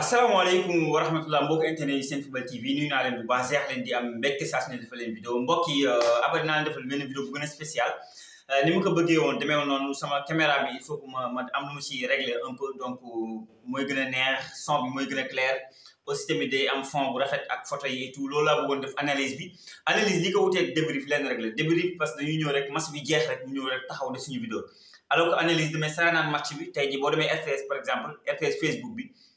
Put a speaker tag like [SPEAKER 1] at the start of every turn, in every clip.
[SPEAKER 1] assalamu aleykum wa rahmatullah mbokk internet yi seen football tv nuyu naa leen bu baax seex leen di am mbégte saa su ne defal leen vidéo mbokk yi abonné naa leen defal benn vidéo bu gën a spécial ni ma ko bëggee woon demeewul noonu sama caméra bi il faut que ma ma am lu ma ci régler un peu donc mooy gën a neex son bi mooy gën a clair aussi tamit day am fond bu rafet ak photo yi et tout loolu laa bëggoon def analyse bi analyse li ko wuteeg débrief lenn rek la débrief parce que dañuy ñëw rek match bi jeex rek ñu ñëw rek taxaw de suñu vidéo alors que analyse damay sara naan match bi tey ji boo demee RTS par exemple RTS Facebook bi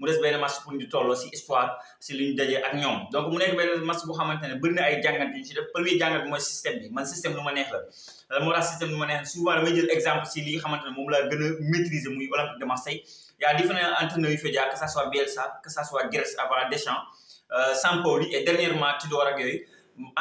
[SPEAKER 1] mu dess benn match pour ñu tollo ci histoire ci li dajé ak ñom donc mu nekk benn match bu xamantene bënd ay jangant yu ci def premier jàngat moy système bi man système luma neex la mo ra système luma neex souvent dama jël exemple ci li xamantene mom la gëna maîtriser muy olympique de marseille ya a différents entraîneurs yu fa jaar que ça soit bielsa que ça soit grèce avant deschamps euh, sampaoli et eh, dernièrement tudor ak yoy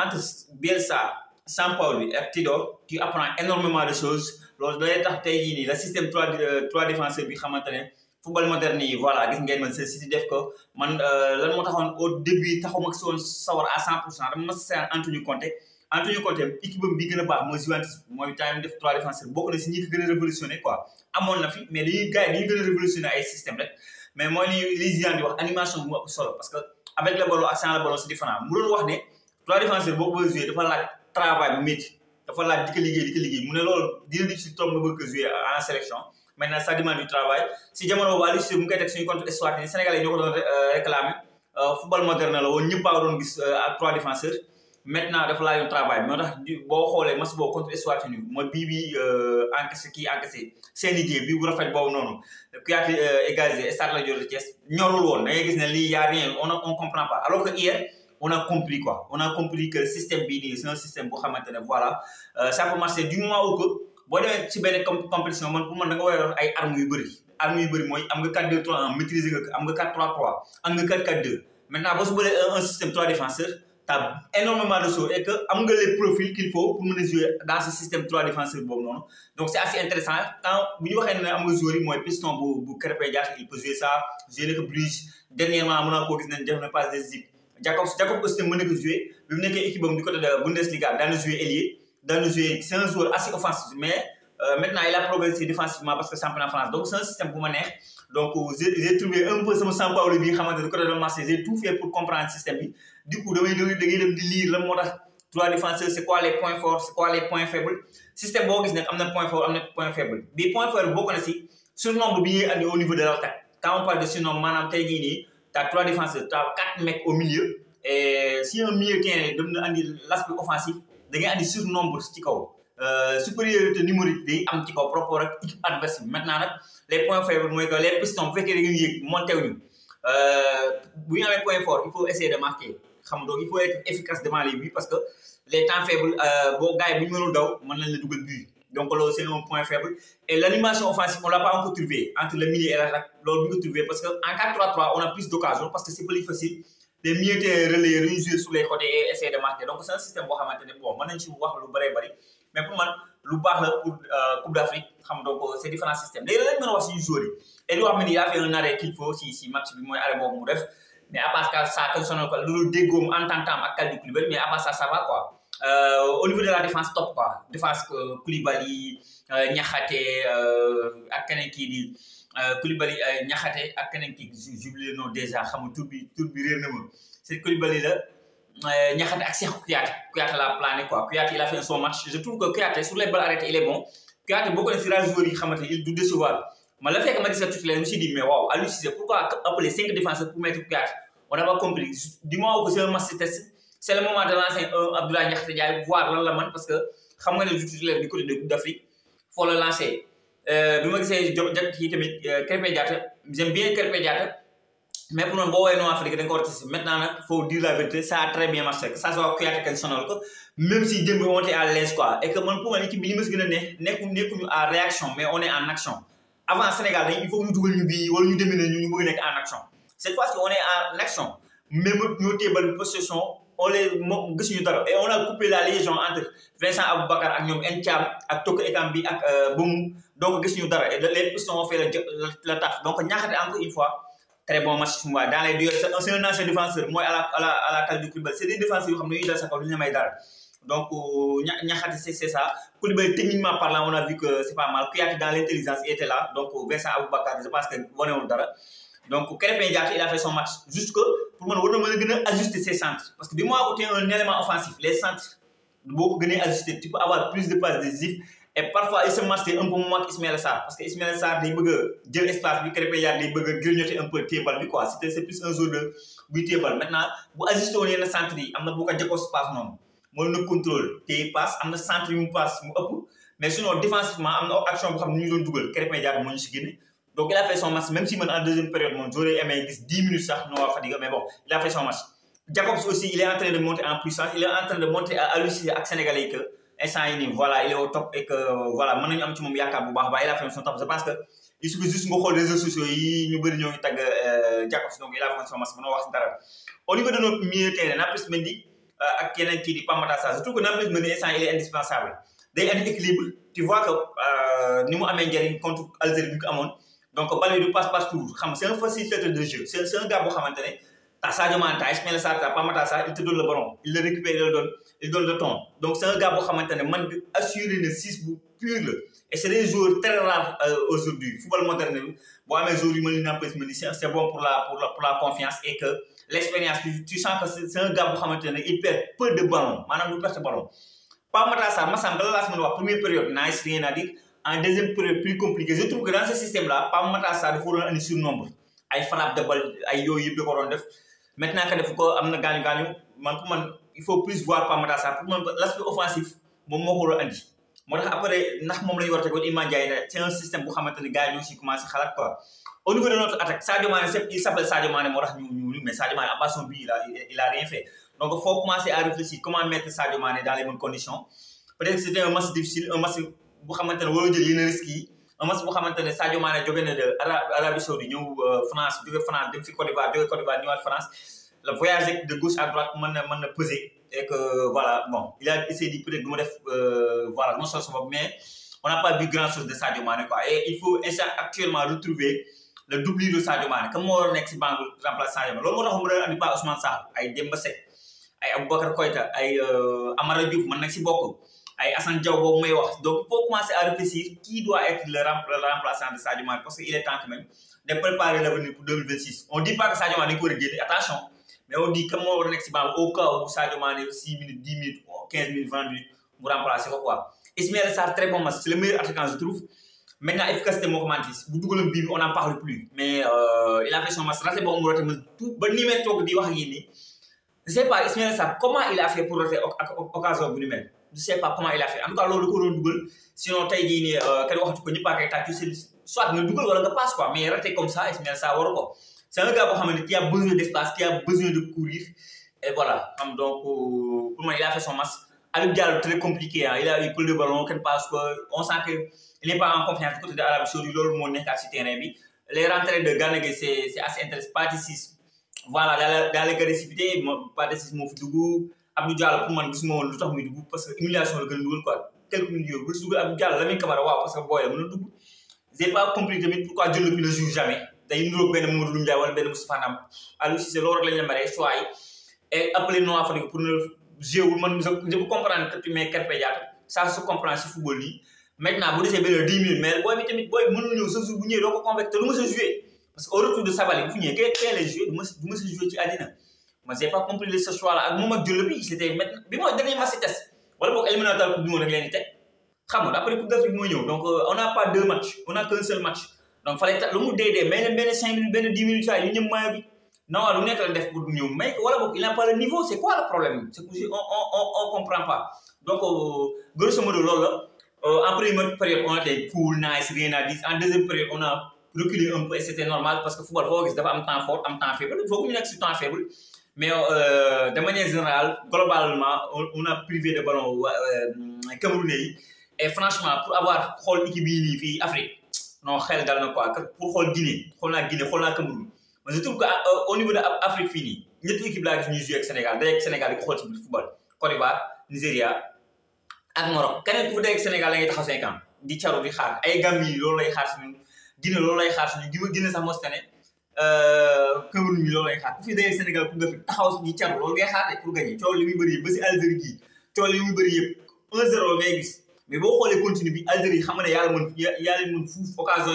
[SPEAKER 1] entre bielsa sampaoli et tudor tu apprends énormément de choses loolu day tax tey ni le système 3 3 défenseur bi xamantene football moderne yi voilà gis ngeen man City def ko man euh, lan mo taxone au début taxuma si woon sawar à 100 pour cent dama ma seen Antonio Conte Anthony Conte équipe bi gën baax mooy Juventus moy time def trois défenseurs bokk na ci ñi ko gën révolutionner quoi amoon na fi mais li gars li dañuy révolutionner ay système rek mais moy li li Zidane di wax animation mo solo parce que avec le ballon ak sans le ballon c'est différent mu doon wax ne trois défenseurs boo ba jouer dafa laaj travail bu dafa laaj dik ko liggéey liggéey mu ne lool dina di ci toom nga bëgg jouer en sélection maintenant ça demande du travail si jamono boobu Aliou Cissé bu ñu suñu contre Eswatini Sénégal yi ñoo euh, réclamer euh, football moderne la won ñëpp a doon gis euh, ak trois défenseurs maintenant dafa la yon travail Mais tax bo xolé match bo contre Eswatini mooy bii bi encaissé kii encaissé seen idée bi bu rafet boobu nonu Kouyaté égalisé Stade Lat Dior de Thiès ñorul won da ngay gis ne li ya a rien on on comprend pas alors que hier on a compris quoi on a compris que système bi c'est un système boo xamantene ne voilà ça peut marcher du moment où que boo demee ci benn compétition man pour man da nga war a doon ay armes yu bëri armes yu bëri mooy am nga 4 2 3 1 maîtriser nga am am nga 4 4 2 maintenant boo su bëree un système trois défenseurs t'as énormément de choses et que am nga les profils qu'il pour mën a jouer dans système trois défenseurs boobu noonu donc c'est assez intéressant quand bu ñu waxee ne am nga joueur mooy piston bu bu Krépin il peut jouer ça jouer na ko Bruges dans c'est un joueur assez offensif, mais euh, maintenant il a progressé défensivement parce que c'est un en France. Donc c'est un système pour manière. Donc euh, j'ai trouvé un peu sama sans Paolo bi xamante ne côté de Marseille j'ai tout fait pour comprendre système Du coup je me da ngay lire le mot trois défenseurs c'est quoi les points forts c'est quoi les points faibles. Système boo un y a point fort un point faible Les points forts, c'est na sur surnombre bi au niveau de l'attaque. Quand on parle de ce nombre, tey il y trois défenseurs as quatre mecs au milieu et si un milieu tient l'aspect offensif da ngay andi surnombre ci kaw euh, supériorité numérique day am ci kaw propre rapport équipe adverse maintenant les points faibles moy que les pistons bu fekkee da ngeen yéeg monté wuñu euh, bu ñu point fort il faut essayer de marquer xam il faut être efficace devant les buts parce que les temps faibles les euh, gars yi bu ñu mënul daw la but donc c'est un point faible et l'animation offensive on l'a pas encore trouvé entre le milieu et l'attaque lolu bu ñu ko trouvé parce que en 4-3-3 on a plus d'occasion parce que c'est plus facile te milieu relayeur ñu jouer sur les côtés et de marquer donc c'est un boo xamante ne bon mën nañ ci wax lu bëree bëri mais pour man lu baax la Coupe d'Afrique xam donc c'est différents systèmes léegi lañ mën a wax si joueurs yi et li nga xam ne nii yaa fait un arrêt si si match bi mooy arrêt boobu mu a mais à part ça ça sonal quoi loolu déggoom entente am ak Kalidou Koulibaly mais à part ça ça va quoi Euh, au niveau de la défense top quoi défense euh, Koulibaly euh, Niakhaté ak keneen di Koulibaly Niakhaté ak j'ai kii le nom déjà xam tout bi tout bi réer na c'est Koulibaly la Niakhaté ak Cheikhou Kouyaté Kouyaté la plané quoi Kouyaté il a fait son match je trouve que Kouyaté sur les balles arrêtées il est bon Kouyaté beaucoup de def joueurs il du décevoir ma le fait que ma gis ça titulaire je me suis dit mais waouh, Aliou pourquoi appeler cinq défenseurs pour mettre Kouyaté on n'a pas compris dis-moi que c'est un test c'est le moment de lancer un Abdoulaye Ndiakhate Ndiaye voir lan la man parce que xam nga ne du titulaire du côté de Coupe d'Afrique faut le lancer euh, bi ma gisee jot kii tamit euh, Krépin Diatta j'aime bien Krépin Diatta mais pour noonu boo woowee non Afrique da nga maintenant nak faut dire la vérité ça a très bien marché ça soit Kouyaté kañ sonal ko même si jëm wonté à l'aise quoi et que man pour man équipe bi li ma si gën a nekku nekkuñu à réaction mais on est en action avant Sénégal il faut ñu dugal ñu bi wala ñu demee ñu ñu bëgg nek en action cette fois ci on est en action même ñu téebal possession on les dara et on a coupé la liaison entre Vincent Aboubakar ak ñom et ak Toko Ekambi ak euh, Boum. donc gisuñu dara et les pistons ont fait la taf donc ñaxati encore une fois très bon match dans les deux c'est un ancien défenseur Moi, à la à la à cale du club c'est des défenseurs qui xam ne ñuy sa kaw lu ñu dara donc euh, ñaxati c'est ça Coulibaly techniquement parlant on a vu que c'est pas mal Kouyaté dans l'intelligence était là donc Vincent Aboubakar, je pense que wanewul dara donc, Krépin Ndiaye il a fait son match. Juste que, pour moi, on doit ajuster ses centres. Parce que du moins, où un élément offensif, les centres, beaucoup gagner ajuster. Tu peux avoir plus de passes décisives. Et parfois, il se match, c'est un peu moins qu'Ismaël Sarr. Parce qu'Ismaël Sarr, il veut dire l'espace, il Krépin Diatta, il veut grignoter un peu le ball. quoi. C'est plus un zone de but Maintenant, si ajuster au les centre, il y a beaucoup de passe non. Moi, le contrôle, il passe, il y a centre, il passe, mais sinon, défensivement, il y a une action qui est double. Krépin Diatta, il est donc il a fait son match, même si en deuxième période, j'aurais aimé 10 minutes, ça, non, fatigué, mais bon, il a fait son match. Jacobs aussi, il est en train de monter en puissance, il est en train de monter à halluciner avec Sénégalais que, instant, voilà, il est au top et que, voilà, maintenant, il y a il a fait son top. C'est parce que, il suffit juste de les réseaux sociaux, il y a Jacobs, donc il a fait son match, Au niveau de notre milieu terrain, Naples Mendy, euh, ak keneen kii di Pape ça, mal surtout que Je Mendy instant il est indispensable a un équilibre tu vois que euh, nous avons amee contre Algérie bi ko donc ballon du passe passe toujours xam un facilitateur de jeu c'est un gars boo xamante ta t'as Sadio Mané mais Ismaïla Sarr t'as il te donne le ballon il le récupère il le donne il donne le temps donc c'est un gars boo xamante man bi assuré na six bu pur et c'est des joueurs très rares euh, aujourd'hui football moderne bi boo amee yu mel c'est bon pour la pour la pour la confiance et que l'expérience tu sens que c'est un gars boo xamante il perd peu de ballon manam du perte ballon mata Matar ma Massamba la semaine la première période nice rien à dire en deuxième période plus compliqué je trouve que dans ce système là pas Matar Sarr dafa waroon andi surnombre ay frappe de balle ay yooyu yëpp da ko de def maintenant que def ko am na gaañu il faut plus voir pas Mata Sarr pour l'aspect offensif il moo ko waroon après ndax moom la ñu war a tegoon c'est un système bu xamante ne gars commencé quoi au niveau de notre attaque Sadio Mané il s'appelle Sadio Mané mais Sadio Mané à pas son but il n'a il rien fait donc faut commencer à réfléchir comment mettre Sadio Mané dans les bonnes conditions peut-être c'était un match difficile un match bu xamantene wo waroo jël yenn risque yi un match bu xamantene Sadio Mané jóge na de Arabie Saoudite ñëw euh, France jóge France dem fi Côte d'Ivoire jóge Côte d'Ivoire ñëwaat France le voyage de gauche à droite mën na mën na peser et que euh, voilà bon il a essayé di peut-être du ma def euh, voilà non sens boobu mais on n'a pas vu grand chose de Sadio Mané quoi et il faut essayer actuellement retrouver le doublure de Sadio Mané comme moo waroon nekk banque remplace Sadio Mané loolu moo tax mu andi pas Ousmane Sall ay Demba Seck ay Aboubacar Koïta ay Amara Diouf man nak ci bokk donc il faut commencer à réfléchir qui doit être le remplaçant de Sadio Mané parce qu'il est temps quand même de préparer l'avenir pour 2026 on ne dit pas que Sadio Mané est ko attention mais on dit que on war au cas où Sadio Mané 6 minutes 10 minutes 15 minutes 20 minutes mu remplacer quoi Ismaël très bon match c'est le meilleur attaquant je trouve maintenant efficacité moo bu on n'en parle plus mais euh, il a fait son match c'est bon, on tout ba ni may di wax sais pas Ismaël comment il a fait pour rater occasion bu ni même? je sais pas comment il a fait en tout cas loolu ko doon dugal sinon tay jii ni euh, kenn waxatu ko ñëpp a koy tàccu soit nga dugal wala nga passe quoi mais raté comme ça Ismaël Sarr waru ko c'est un gars bo xamné qui a besoin d'espace qui a besoin de courir et voilà am donc euh, pour moi il a fait son match Habib Diallo très compliqué hein. il a eu peu de ballon kenn passe quoi. on sent que il n'est pas en confiance du côté de Arabie Saoudite loolu mo nekkaat si terrain bi les rentrées de Gana c'est c'est assez intéressant pas de six voilà dans la dans l'agressivité pas de six mo fi Abdou Diallo pour man gisuma woon lu tax muy dugg parce que humiliation la gën a dugal quoi quelques minutes yooyu bu ci dugal waaw parce que booy la a dugg j'ai pas compris tamit pourquoi booy bi tamit booy sa jour bu ñëwee doo ko convaincre du ma sa joué parce que au retour de bu ñëwee kay kay lay du ma du ma ci àddina Je j'ai pas compris ce choix là ak moment Diallo bi c'était maintenant bi dernier match test wala boog éliminatoire coupe du monde rek leen di teg xam après coupe d'Afrique moo donc euh, on n'a pas deux matchs on n'a qu'un seul match donc fallait que l'on dee mais les benn minutes ben dix minutes saa yu ñëpp bi non il n'y la def de mais wala il n'a pas le niveau c'est quoi le problème c'est que on on on comprend pas donc euh, grosso modo après euh, en première période on était cool nice rien à dire en deuxième période on a reculé un peu et c'était normal parce que football il gis un temps fort un temps faible il faut que ñu ait un temps faible mais euh, de manière générale, globalement, on, a privé de ballon euh, euh Camerounais. Et franchement, pour avoir Khol Ikibini en Afrique, non, Khel Dalna quoi, pour Khol Guinée, Khol la Guinée, Khol la Cameroun. Mais je trouve qu'au euh, niveau de l'Afrique finie, il y a deux équipes là qui jouent avec Sénégal. D'ailleurs, Sénégal qui Khol le football. Côte d'Ivoire, Nigeria, et Maroc. Quand vous êtes Sénégal, vous êtes 5 ans. Di Tcharo, di Khar. Et Gambie, l'on l'a Khar. Guinée, l'on l'a Khar. Guinée, Guinée, ça m'a Cameroun bi loolu lay xaar ku fi dee Sénégal pour nga fi taxaw ñi caru loolu ngay xaar pour gagner coow li muy bëri yëpp ba mais boo xoolee continue bi Algérie xam nga ne yàlla mën yàlla mën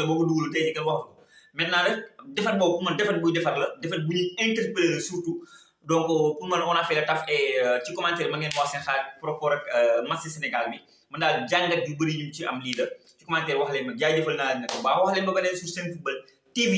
[SPEAKER 1] boo ko dugalu tey ji kenn wax pour man défaite buy defar la défaite bu ñuy interpellé la donc pour man on a fait le taf et euh, ci commentaire ma ngeen wax seen xaar propos ak euh, match Sénégal bi man daal jàngat yu bëri ñu ci am lii la ci commentaire wax leen ma jaajëfal naa leen ne ko baax wax leen ma TV